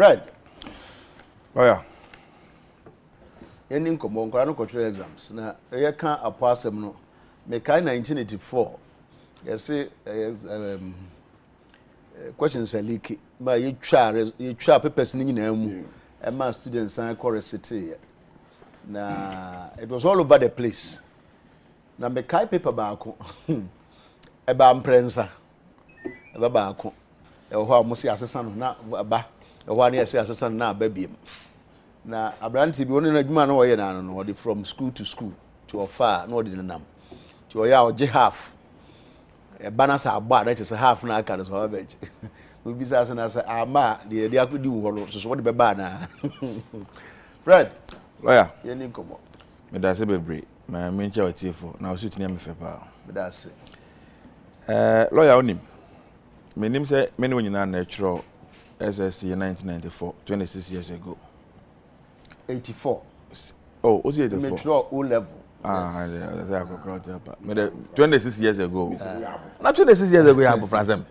Fred. Oh yeah. Any nkomo nkora no kɔtwerɛ exams na ɛyɛ ka apɔ asɛm no mekae 1984 yɛse um, questions alike ma yɛtwa yɛtwa papers no nyinaa mu ɛma students san kɔ reseteeɛ na it was all over the place na mekae paper baako ɛbaa mprɛnsa ɛba baako ɛwɔ hɔ a mo se asesa no na ba ɛhɔ ani ɛsɛ asesan na aba biem na aberante bi wɔn ne adwuma no wɔyɛ n'ano no wɔde from school to school ti ɔfa a na wɔde nenam ti ɔyɛ a ɔgye half ɛba na sɛ abɔ a na kyerɛ sɛ half na aka no sɛ ɔba bɛgye obi sɛ ase na sɛ ama a deɛ yɛde akɔdi wɔ hɔ no soso wɔde bɛba anaa fred lɔya yɛn ni nkɔmɔ. medase bebree ma me nkyɛ ɔtiefo na ɔso tini ɛmi fɛ paa medase ɛɛ eh, lɔya onim menim sɛ me ne wo nyinaa na ɛtwerɛ SSC in 1994, 26 years ago. 84. Oh, what's 84? Metro O level. Ah, yes. yeah, that's how I could 26 years ago. Uh, Not 26 years ago, you have a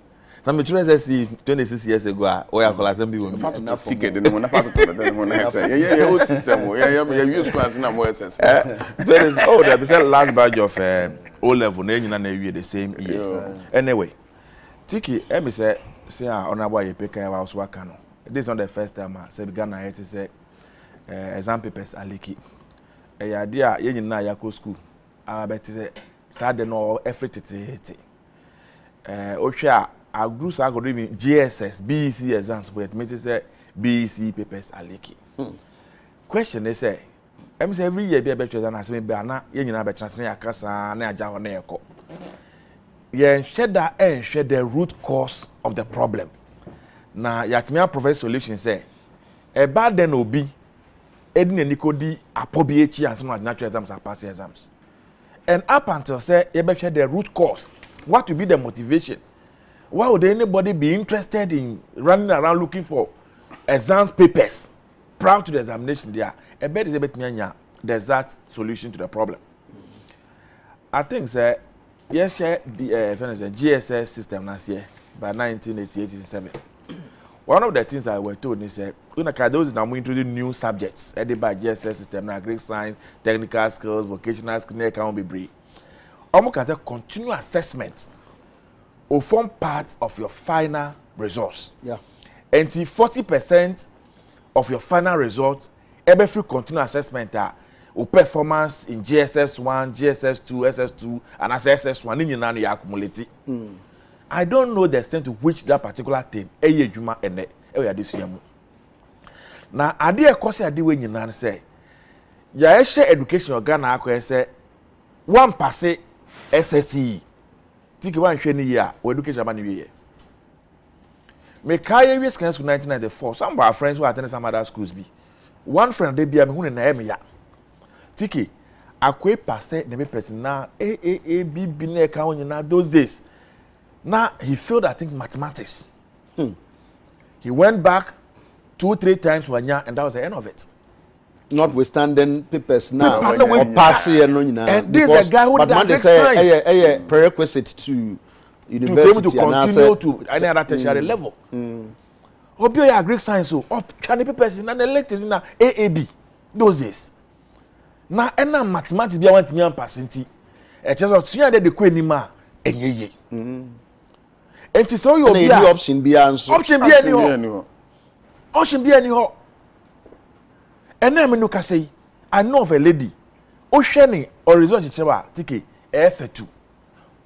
na metura sɛ SSC 26 years ago a wɔyɛ a bi wɔ mu. ticket ni mo ticket. tɔtɔ dɛ ni mo na ɛsɛ yɛ yɛ yɛ o system o yɛ yɛ yɛ use class na mo ɛsɛ sɛ. twenty oh dɛbi sɛ last batch of uh, eh, o level na yɛ nyina na the same year anyway tiki let me say. See, ah honourable ayepe kanya wa also aka no this is not the first time I ah. sɛ ghana yɛ ti sɛ ɛɛ exam papers aleki ɛyɛ adeɛ a yɛn nyinaa yɛ akɔ school a bɛte sɛ saa de no ɔwɔ ɛfiri teteete ɛɛ ohwɛ a aguru saa akɔdo even gss bec exams but yɛtumi ti sɛ bec papers are aleki hmm. question ne say, I mean every year bi a bɛtwerɛ ghana asɛm bi a na yɛn nyinaa bɛtena sɛ na yɛ aka saa na yɛ agya hɔ na yɛ kɔ yɛnhwɛ da ɛnhwɛ the root cause of the problem na yɛatumi provide solution sɛ ɛbaa dɛn na obi ɛdi n'ani kɔ di apɔ bi and some of the natural exams are passing exams and up until sɛ yɛbɛhwɛ the root cause what will be the motivation why would anybody be interested in running around looking for exams papers prior to the examination there ɛbɛn de sɛ ɛbɛtumi anya the exact solution to the problem i think sɛ. Uh, yɛhyɛ eh, fɛn GSS system last year by 1987 one of the things i were told is uh, una ka those na introduce new subjects added by GSS system na Greek, science technical skills vocational skills ne ɛka be bebree ɔmo ka sɛ continual assessment o form part of your final results yeah. nti forty percent of your final result ɛbɛfiri continual assessment a. Uh, o performance in gss one gss two ss two and as ss one ne nyinaa no yɛ accumulate. Mm. i don't know the extent to which that particular thing ɛyɛ adwuma ɛnɛ ɛwɔ adesua mu na adeɛ ɛkɔ sɛ adeɛ wɔ nyinaa no sɛ yɛahyɛ education of ghana akɔɛ sɛ one pase sse tiki wa nhwɛ ne yie a wɔ education ama ne wie yɛ mekaa yɛ wie secondary school nineteen ninety four some of our friends who at some other schools bi one friend de bi a mehun ne na ɛyɛ ya tiki akwa pase na ebe person na aabb e, e, e, na ɛka ho nyinaa those days na he failed i think mathematics hmm. he went back two three times wanya and that was the end of it. notwithstanding papers now or pass here no nyinaa and this is a guy who but man dey say ɛyɛ ɛyɛ eh, eh, eh, prerequisite to university and to be able to continue to any other hmm. tertiary mm, level. Mm. obi oyɛ agric science o oh, ɔtwa oh, ne papers na ne electives na aab those days na ɛna mathematics bi a wantumi ampase nti ɛkyɛ sɛ ɔsua de de kɔ anim a ɛnyɛ yie nti sɛ ɔyɛ obi a option bia. a nso option bia a ni hɔ option bi a ni hɔ ɛna mi no kasa yi i know of a lady ohwɛ ni ɔresult kyerɛ a tike ɛɛfɛ tu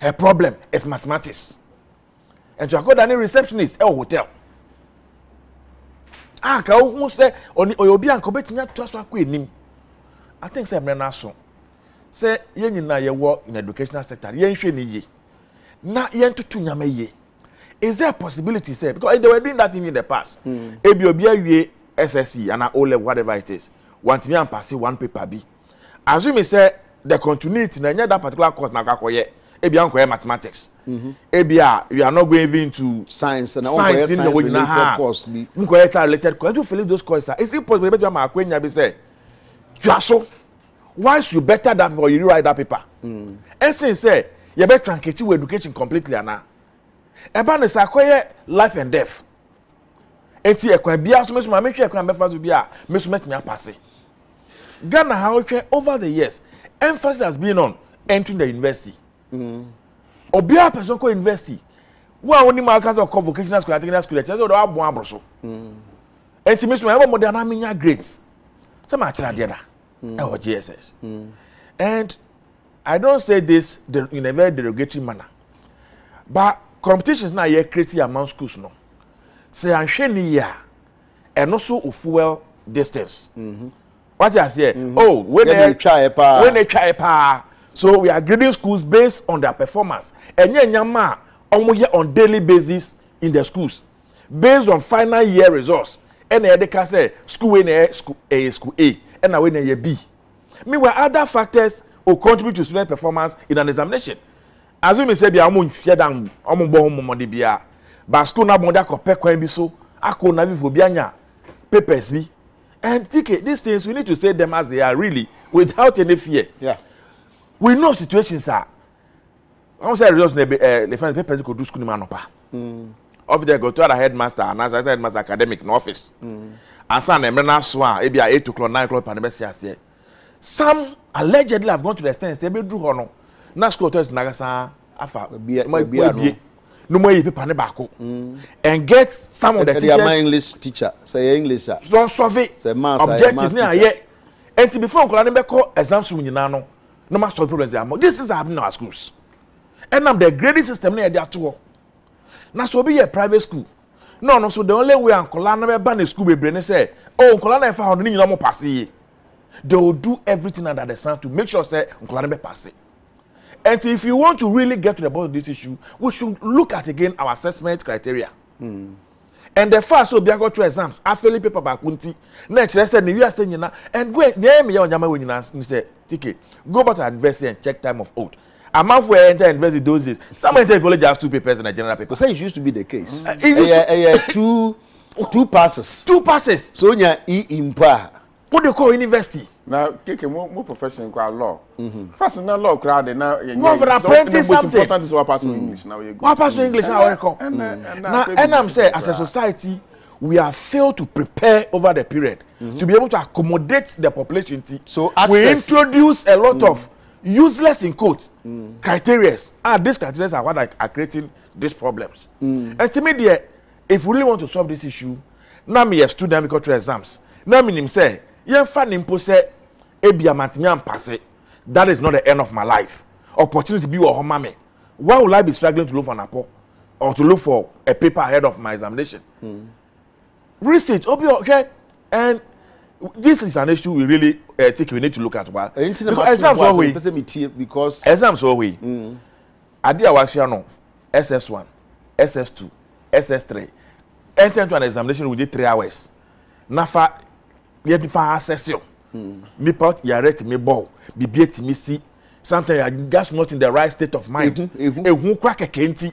her problem is mathematics ɛntu akɔda ne receptionist ɛwɔ hotel a ka ohun sɛ ɔyɛ obi a nka obetumi ato aso akɔ anim i think sɛ mmerɛ n'aso Say, yɛn nyinaa yɛwɔ in educational sector yɛnhwɛ ne yie na yɛntoto nyama yie is there a possibility sɛ because they were doing that thing in the past hmm. ebi obi awie ssc ana o level whatever it is wantumi pass one paper bi assume sɛ the continuity na ɛnyɛ that particular course na akɔyɛ ebi ankɔyɛ mathematics mhm. ebi a we are not going even to science na science in the way na ha nkɔyɛ related course i do feel those courses is it possible ebi ti ma akɔ enya bi sɛ. You dwaso once you better that or you rewrite that paper Essence, mm. ɛsɛn eh, You better trankete your education completely ana ɛba ne sɛ akɔyɛ life and death eti ɛkwan bia so so mesu maame hwɛ ɛkwan bɛfa so bia mesu mɛtumi apase ghana ha ɔhwɛ over the years emphasis has been on entering the university mm. obiara pɛ person kɔ university wo a wonim aka sɛ ɔkɔ vocational school and technical school ɛkyerɛ sɛ ɔde wabɔ aboro so eti so maame bɔ mɔden anam nya grades. Some are adeɛ da ɛwɔ gss and i don't say this in a very derogatory manner but competition is na yɛ crazy among schools no sɛ ahwɛ ni yia ɛno so ofuel distance hmm. wati say, hmm. oh when wey na etwa yɛ paa so we are grading schools based on their performance ɛnyɛ nyama a wɔn yɛ on daily basis in the schools based on final year results ɛna yɛde ka sɛ school wei na ɛyɛ school ɛyɛ eh, school a ɛna wei na ɛyɛ b meanwhile other factors will contribute to student performance in an examination asumi sɛ bi a wɔn nhwɛ dan wɔn bɔ wɔn mɔmɔde bia ba school na bɔn de akɔpɛ kwan bi so akɔ na vivo bi anya papers bi and tk these things we need to say them as they are really without any fear yeah. we know situations are wọn sɛ results na ɛ ɛ lefɛn papers ko do school ni mu pa. Mm ɔfi go to ada headmaster and anaasɛ ɛsɛ headmaster academic mm. na office ansa na mmerɛ n'aso a ebi a eight o'clock nine o'clock pan bɛsi aseɛ some allegedly have gone to the extent sɛ ebi duru hɔ no na school authorities n'agasa afa mo no mo eyi paper ne baako mm. and get some of the teachers ɛdi ama english teacher Say english a don it. objectives ni aye. nti before nkɔla ne bɛ kɔ exam school nyinaa no no ma solve problems de amɔ this is happening in our schools ɛnam the grading system ne yɛ de ato hɔ na sɛ obi yɛ private school na ɔno So the only way nkɔla no bɛba ne school bebree ne sɛ o oh, nkɔla na ɛfa hɔ no ne nyinaa mo paase yie they will do everything under the sun to make sure say nkɔla no bɛ paase and if you want to really get to the bottom of this issue we should look at again our assessment criteria. Mm. and the fact so obiako through exams afeli paper baako nti na ɛkyerɛ sɛ ne wi ase nyina and go nyɛ mi yɛ ɔnyama wo nyina ne sɛ tk go back to our university and check time of old amanfo ẹ enter university those days some enter if only just two papers and a general paper. because that used to be the case. ẹ yẹ ẹ yẹ two two passes. two passes. so n e impa. a. o de call university. na keke mo mo profession kura law. Mm-hmm. first na law kura de na. mo fara plenty something. the most important is wa pass to mm. english na we go. wa pass to english na we go. na ẹnam sẹ as a society we have failed to prepare over the period mm -hmm. to be able to accommodate the population. so access we introduce a lot mm -hmm. of useless in quotes mm. criteria and ah, these criteria are what are, are creating these problems. Mm. and to me there if we really want to solve this issue na mi yɛ student through exams na mi nim sɛ yɛn fa ne mpo sɛ ebi amantimi ampase that is not the end of my life opportunity bi wɔ hɔ ma mi why would i be struggling to look for napo or to look for a paper ahead of my examination. Mm. research obi ɔhwɛ and this is an issue we really uh, think we need to look at Well, ẹyin tí we? ma tún we? sọ pèsè mi tie because. adi a no ss one ss two ss three enter into an examination within three hours nafa yẹbi fa access yọ nipa mm. yàrá tìmí bọ bìbí tìmí sí sometimes you are just not in the right state of mind ehun kura kẹkẹ nti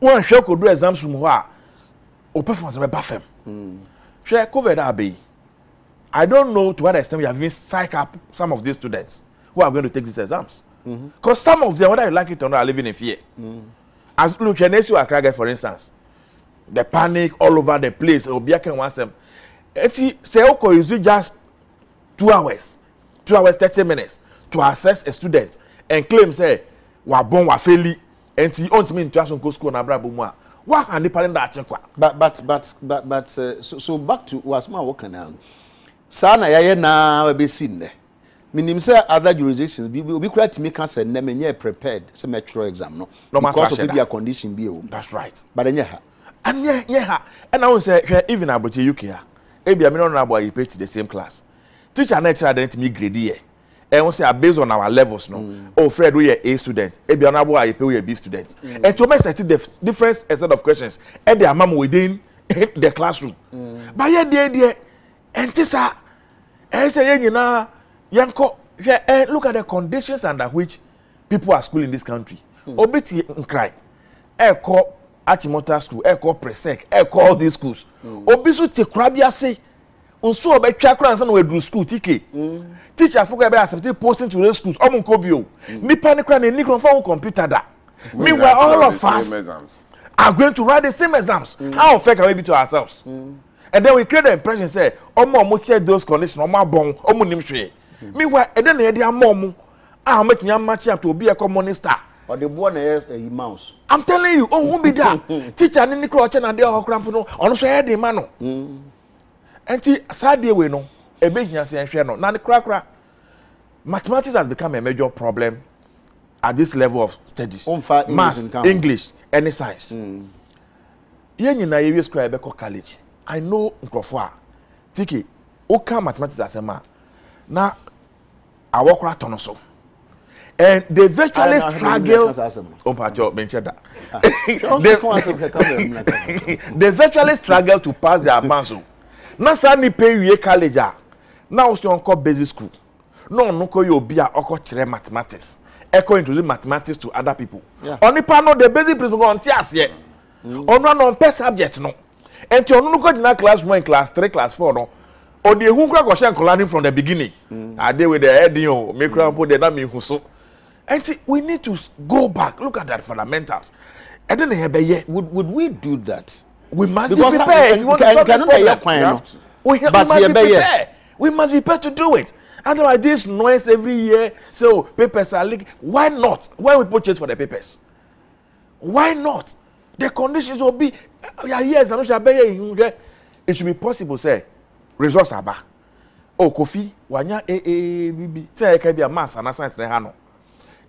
wọn hwẹ kodo exams room hɔ a o performance bɛ ba fam hwɛ covid a bɛ I don't know to what extent we have even psyched up some of these students who are going to take these exams. Because mm -hmm. some of them, whether you like it or not, are living in fear. Mm. As look, Enesu Akrage, for instance, the panic all over the place, Obiaken wants them. Eti, Seoko is just two hours, two hours, 30 minutes to assess a student and claim, say, wa bon wa feli, enti, onti mi intuasun go school na brabu mwa. Wa handi palen da achenkwa. But, but, but, but, but, uh, so, so back to, wasma wakana, mm -hmm saa na yɛayɛ naa bɛsi nnɛ menim sɛ other jurisdictions bi obi kura tumi ka sɛ nnɛ menyɛ prepared sɛ mɛtwerɛ exam no because of bi a condition bi ɛwɔ mu that's right but ɛnyɛ ha ɛnyɛ nyɛ ha ɛna wo sɛ hwɛ even abrokyɛ uk a ebi a me ne abo ayipɛ ti the same class teacher na ɛkyerɛ adan tumi grade yɛ ɛho sɛ based on our levels no mm. oh fred woyɛ a student ebi ɔno abo ayipɛ woyɛ b student mm. ɛnti ɔmɛ sɛ ti the different set of questions ɛde ama mo within the classroom mm. bayɛ deɛ deɛ ɛnti saa ɛyɛ sɛ yɛn nyinaa yɛn kɔ hwɛ ɛ look at the conditions under which people are school in this country obi hmm. ti nkran ɛkɔ achimota school ɛkɔ presec ɛkɔ all these schools obi nso te kura bi nso a ɔbɛtwa kura nsa na waduru school tike hmm. teacher afokɔ ɛbɛyɛ asɛpte posting to those schools ɔmo nko o hmm. nipa ne kura na eni kura fɔ ɔmo computer da meanwhile all of us are going to write the same exams how fair can we be to ourselves. Mm and then we create the impression say ọmọ ọmọ check those conditions ọmọ abọ́n ọmọ nim hwee meanwhile ẹ̀dẹ́ na yẹ de ama ọmọ a ọmọ ti yàn match up to be a common ẹ̀kọ́ mọ́nísítà. ọ̀dẹ̀ bọ́ na yẹ ẹ̀yí eh, mouse. i'm telling you ohun bi da teacher ni nikura ọ̀kyẹ́ na adé ọ̀họ́ kura mpono ọ̀no so ẹ̀yẹ́ de ma no. ẹnti saa de wei no ebe hia sẹ ẹhwẹ no na ne kurakura mathematics has become a major problem at this level of studies. o n english maths english any science. Hmm. yẹn nyinaa yẹ wi school a yẹ bẹ kọ college i know nkurɔfoɔ a tiki woka mathematics asɛm a na awɔ kora tɔ no so and they virtually ah, struggle ɔmpatɔ oh, menkyɛ da ah. they virtually struggle to pass their exams o oh. na saa nipa wie college a na wosɛ ɔnkɔ basic school na ɔno kɔ yɛ obi a ɔkɔ kyerɛ mathematics ɛkɔ introduce mathematics to other people ɔnipa no the basic principle ti ɔnte aseɛ mm. ɔno ano ɔmpɛ subject no nti ɔno no kɔgyina class one class three class four no ɔde ehu kora kɔhyɛ nkɔla no from the beginning mm. ade wei de ɛdin o mekura mpo de na mehu so nti we need to go back look at that fundamentals ɛde na yɛbɛyɛ. would would we do that. we must because be prepared if you want to solve the problem we, we must be prepared we must be prepared to do it otherwise this noise every year so papers are leaking why not why we put change for the papers why not the conditions will be we are here sanu sabẹyẹ ihun dẹ it should be possible sẹ results aba Oh, kofi wanya aaabb tí a yẹ kẹ bi a mass and a science ní ha no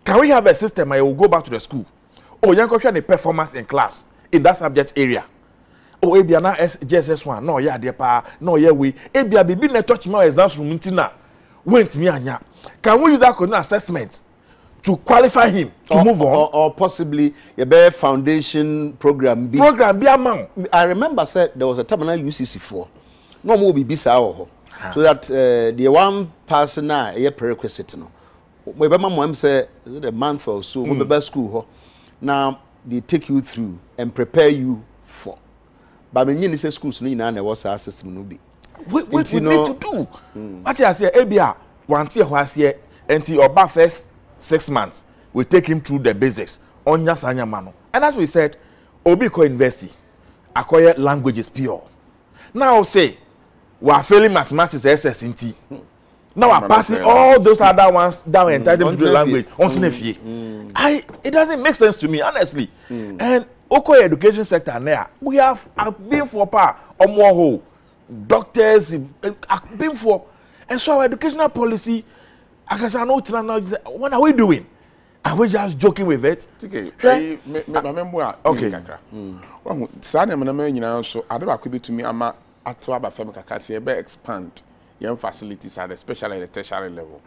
can we have a system where you go back to the school Oh, young kọ́ hwẹ́ a performance in class in that subject area o oh, ebi ana jss one náà ọ̀yẹ́ adeẹ paa náà ọ̀yẹ́ wei ebi a be na ẹ tọ́ kyimá exams room ti na wẹ́ntìmí anya can we use that for an assessment to qualify him to or, move on. Or, or possibly a bare foundation program. Be, program be amount. I remember said there was a time when UCC 4 No more will be so that uh, the one person now a prerequisite no. My mom said a month or so. Mm. We school Now they take you through and prepare you for. But many in schools no you know ɛwɔ saa system no bi. What we need to do? What you say, Abia, one tier, one tier, until your first six months we take him through the basics ọnya saa mano, and as we said obi kọ university akọyẹ languages pure now say we are failing mathematics SSNT. Now we are passing all those other ones that mm. entitled to the language unto mm, mm. i it doesn't make sense to me honestly mm. and okoye education sector nea we have abinfo pa ọmọ ọhún doctors eh, been for and so our educational policy I I no tena now just what are we doing are we just joking with it. Eh, ah. Okay. ayi mɛ mɛ mɛ mu a. okay kakra hmm. wahu saa nɛɛma nɛɛma nyinaa nso ade baako bi tumi ama ato aba fam kakra si yɛ expand yɛn facilities at the special and the tertiary level